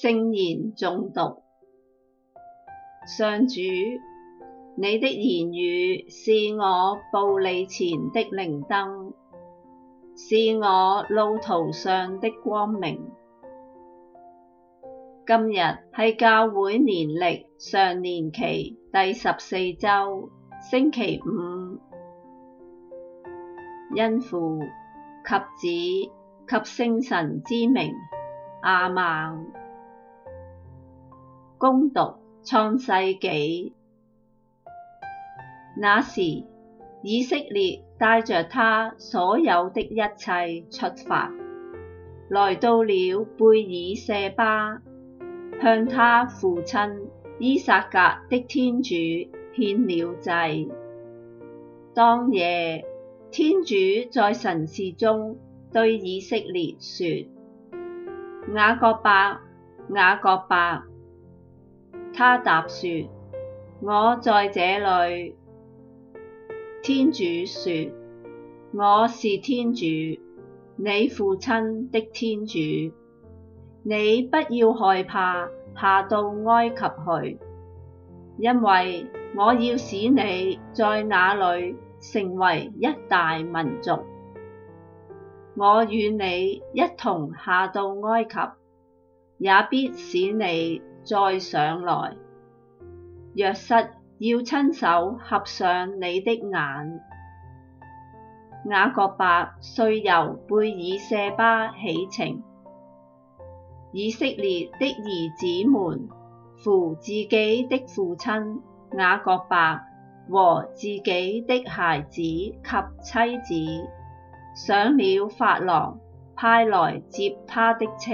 聖言誦讀：「上主，你的言語是我步履前的靈燈，是我路途上的光明。今日係教會年曆常年期第十四周，星期五。因父及子及聖神之名，阿孟。恭讀創世紀。那時，以色列帶着他所有的一切出發，來到了貝爾舍巴，向他父親依撒格的天主獻了祭。當夜，天主在神視中對以色列說：雅各伯，雅各伯。他答説：「我在這裏。」天主説：「我是天主，你父親的天主。你不要害怕，下到埃及去，因為我要使你在那裏成為一大民族。我與你一同下到埃及，也必使你。再上來，若瑟要親手合上你的眼。雅各伯遂由貝爾舍巴起程。以色列的兒子們扶自己的父親雅各伯和自己的孩子及妻子，上了法郎派來接他的車，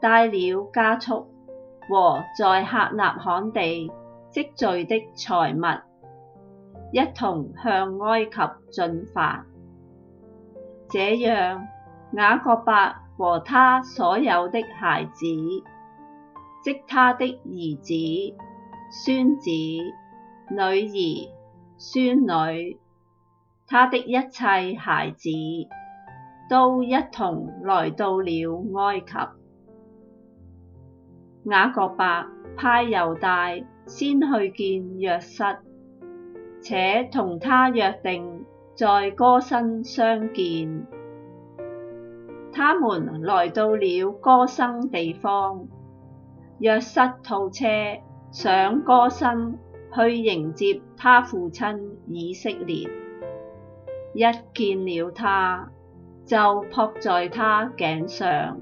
帶了家畜。和在客納罕地積聚的財物，一同向埃及進發。這樣，雅各伯和他所有的孩子，即他的兒子、孫子、女兒、孫女，他的一切孩子，都一同來到了埃及。雅各伯派猶大先去見若瑟，且同他約定在哥笙相見。他們來到了哥笙地方，若瑟套車上哥笙去迎接他父親以色列。一見了他，就撲在他頸上，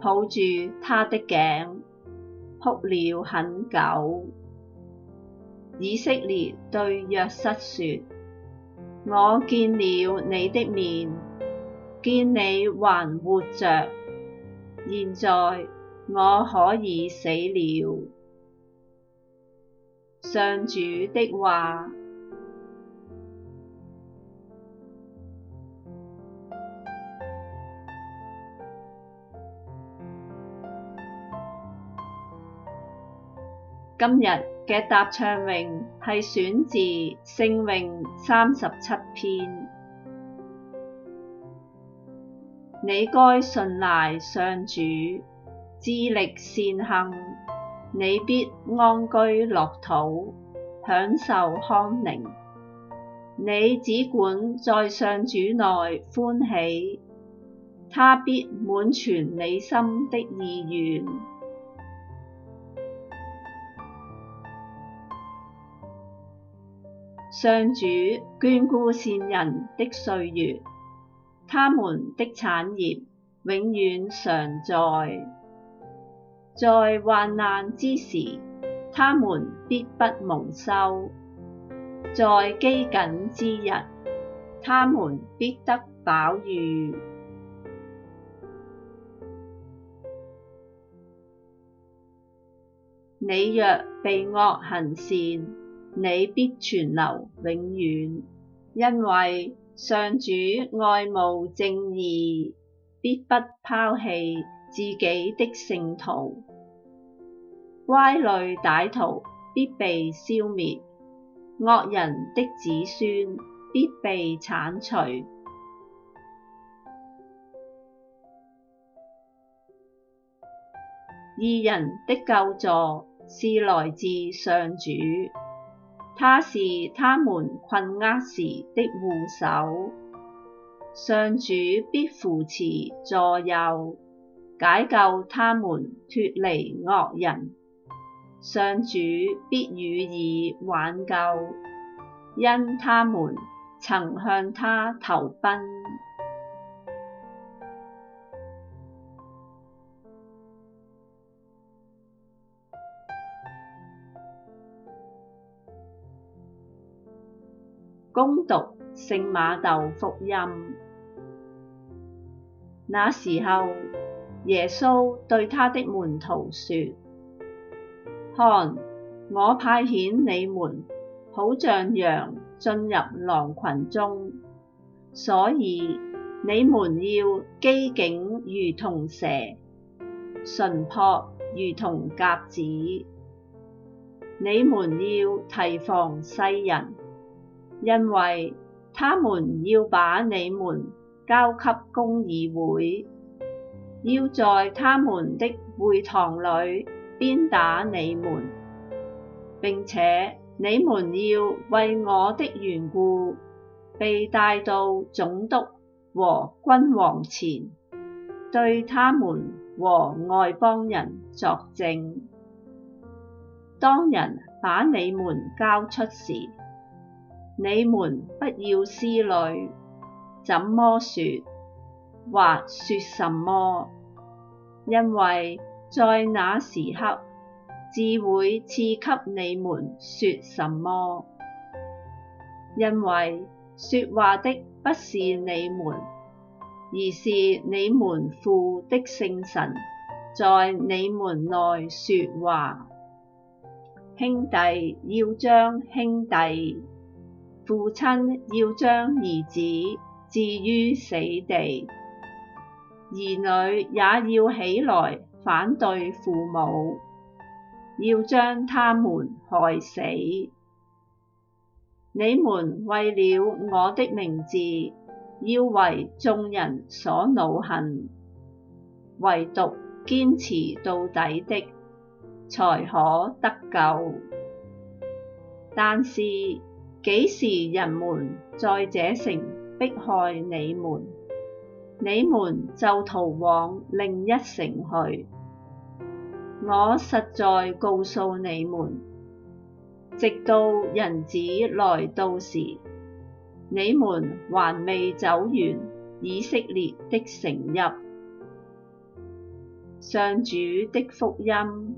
抱住他的頸。哭了很久，以色列對若瑟說：我見了你的面，見你還活着，現在我可以死了。上主的話。今日嘅答唱詠係選自聖詠三十七篇。你該信賴上主，致力善行，你必安居樂土，享受康寧。你只管在上主內歡喜，他必滿全你心的意願。上主眷顧善人的歲月，他們的產業永遠常在；在患難之時，他們必不蒙羞；在饑饉之日，他們必得飽飫。你若避惡行善。你必存留永遠，因為上主愛慕正義，必不拋棄自己的聖徒。乖戾歹徒必被消滅，惡人的子孫必被剷除。義人的救助是來自上主。他是他們困厄時的護守，上主必扶持助佑，解救他們脫離惡人，上主必予以挽救，因他們曾向他投奔。恭讀《聖瑪竇福音》。那時候，耶穌對他的門徒説：看，我派遣你們，好像羊進入狼群中，所以你們要機警，如同蛇，純樸，如同鴿子。你們要提防世人。因為他們要把你們交給公議會，要在他們的會堂裡鞭打你們，並且你們要為我的緣故被帶到總督和君王前，對他們和外邦人作證。當人把你們交出時，你們不要思慮怎麼説或説什麼，因為在那時刻，自會賜給你們説什麼。因為說話的不是你們，而是你們父的聖神在你們內說話。兄弟要將兄弟，父親要將兒子置於死地，兒女也要起來反對父母，要將他們害死。你們為了我的名字，要為眾人所惱恨，唯獨堅持到底的，才可得救。但是，幾時人們在這城迫害你們，你們就逃往另一城去。我實在告訴你們，直到人子來到時，你們還未走完以色列的城邑。上主的福音。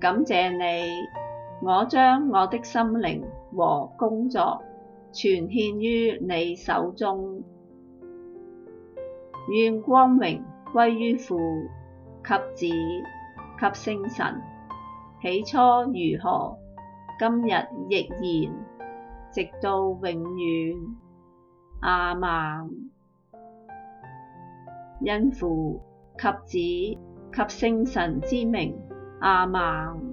感謝你，我將我的心靈和工作全獻於你手中，願光榮歸於父及子及聖神，起初如何，今日亦然，直到永遠。阿們，因父及子及聖神之名。阿媽。Uh,